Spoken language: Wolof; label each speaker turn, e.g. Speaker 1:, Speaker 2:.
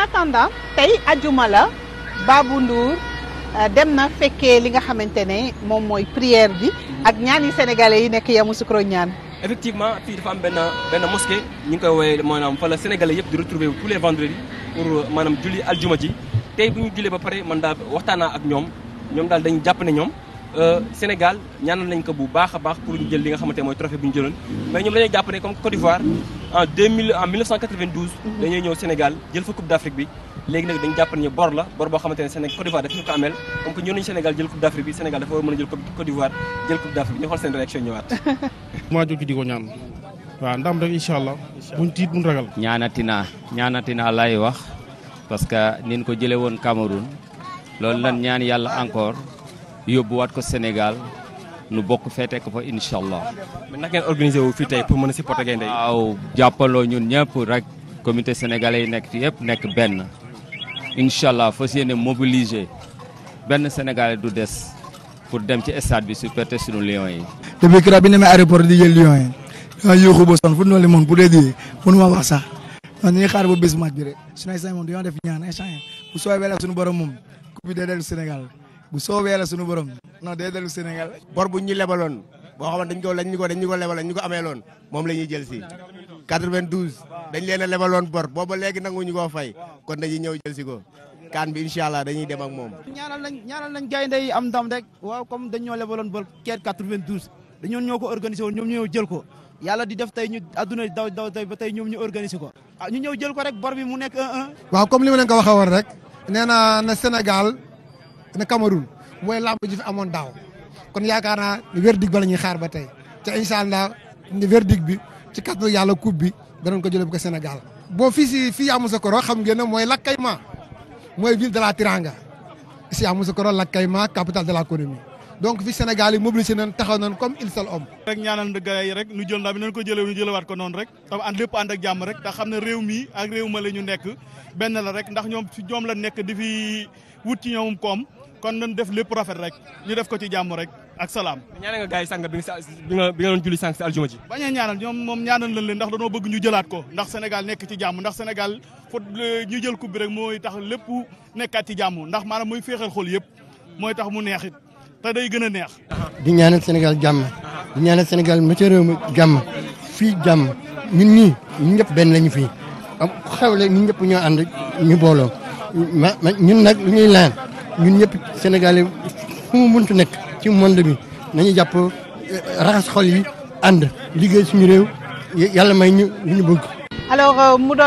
Speaker 1: en attendant tey ajuma la Babou Ndour euh, dem na fekkee li nga xamante ne moom mooy prière bi ak ñaan yi sénégalais yaa nekk Yamoussoukro ñaan
Speaker 2: effectivement fii dafa am benn benn mosquée ñu ngi koy woowee maanaam fa la sénégalais yëpp di retrouver tous les vendredis pour euh, maanaam julli aljuma ji tey bu ñu jullee ba pare man daal waxtaan naa ak ñoom ñoom daal dañu jàpp ne ñoom Euh, Sénégal ñaana nañ ko bu baax a baax pour ñu jël li nga xamante ne mooy trophée bu ñu jëloon mais ñoom dañoo jàpp ne comme Côte d'Ivoire en ñëw Sénégal jël fa Coupe d'Afrique bi léegi nag dañu jàpp ñu bor la bor boo xamante ne Sénégal Côte d'Ivoire daf ñu ko ameel comme que ñëw jël Coupe d'Afrique a jël Côte d'Ivoire jël Coupe d'Afrique bi ñu xool seen réaction ñëwaat
Speaker 1: maa jóg di ko ñaan waaw ndam rek incha allah buñ tiit buñ ragal
Speaker 3: ñaanati naa ñaanati naa lay wax parce que nin ko jële woon Cameroun loolu lan ñaan yàlla encore yóbbuwaat ko Sénégal nu bokk feete ko fa incha allah. mais naka wu fii tey pour mën a supporter gaynde yi. waaw jàppaloo ñun ñëpp rek comité sénégalais yi nekk fi yëpp nekk benn incha allah fas yéene mobiliser benn sénégalais du des pour dem ci stade bi supporter sunu lions yi.
Speaker 4: depuis que bi ñu demee aéroport di jël yi. waaw yooxu ba son fu ñu moom bu dee di mënuma wax sax
Speaker 3: man xaar ba bés match bi rek suñu instant moom
Speaker 4: dañoo def ñaan instant bu soobee la bu soobee la suñu borom non day dellu Sénégal bor bu ñu lebaloon boo xam ne dañ ko lañ ko dañ ñu ko lebaloon ñu ko ameeloon moom la ñuy jël si 92 dañ leen a lebaloon bor booba léegi nangu ñu koo fay kon dañuy ñëw jël si ko kaan bi incha allah dañuy dem ak moom
Speaker 1: ñaanal nañ ñaanal nañ gaynde am ndam rek waaw comme dañ ñoo lebaloon bor keer 92 dañoon ñoo ko organisé woon ñoom ñoo jël ko yàlla di def tey ñu adduna daw daw tey ba tey ñoom ñu organisé ko ah ñu ñëw jël ko rek bor bi mu nekk 1-1 waaw
Speaker 4: comme li ma leen ko waxee woon rek nee na na Sénégal na Cameroun mooy làmb ji fi amoon daaw kon yaakaar naa verdict ba la ñuy xaar ba tey te incha allah verdict bi ci kàttanu yàlla kuub bi danañ ko jëlee bu ko Sénégal. boo fii si fii Yamoussoukro xam ngeen ne mooy Lakayma mooy ville de la Tiranga si Yamoussoukro Lakayma capitale de l'économie
Speaker 1: donc fi Sénégal yi
Speaker 4: mobilisé nañ taxaw nañ comme il seul homme.
Speaker 1: rek ñaanal gars yi rek nu jël ndam bi nañ ko jëlee ñu jëlewaat ko noonu rek tam ànd lépp ànd ak jàmm rek ndax xam ne réew mi ak réew ma la ñu nekk benn la rek ndax ñoom si ñoom la nekk di fi wut ci ñoom koom. kon nañ def lépp rafet rek ñu def ko ci jàmm rek ak salaam. ñaanal nga gars yi sànq bi
Speaker 2: nga bi nga doon julli sànq si aljuma ji.
Speaker 1: bañ a ñaanal ñoom moom ñaanal lañ leen ndax dañoo bëgg ñu jëlaat ko ndax Sénégal nekk ci jàmm ndax Sénégal foot ñu jël coupe bi rek mooy tax lépp nekkaat ci jàmm ndax maana mooy féexal xol yëpp mooy tax mu neex it te day gën a neex.
Speaker 4: di ñaanal Sénégal jàmm di ñaanal Sénégal météo réew mi jàmm fii jàmm ñun ñii ñun ñëpp benn lañu fii xewle ñun ñëpp ñoo ànd ñu booloo ma ñun nag lu ñuy laan ñun ñëpp Sénégalais fu mu mënti nekk ci monde na nañu jàpp eh, raxas xol yi ànd liggéey suñu réew yàlla may ñu lu ñu bëgg. Euh, mu doon